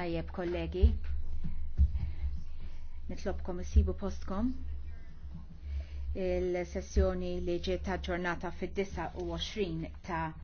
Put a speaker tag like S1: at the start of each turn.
S1: tajjeb kollegi. Nitlobkom isibu postkom. Il-sessjoni li ġiet ġurnata fid-29
S2: ta'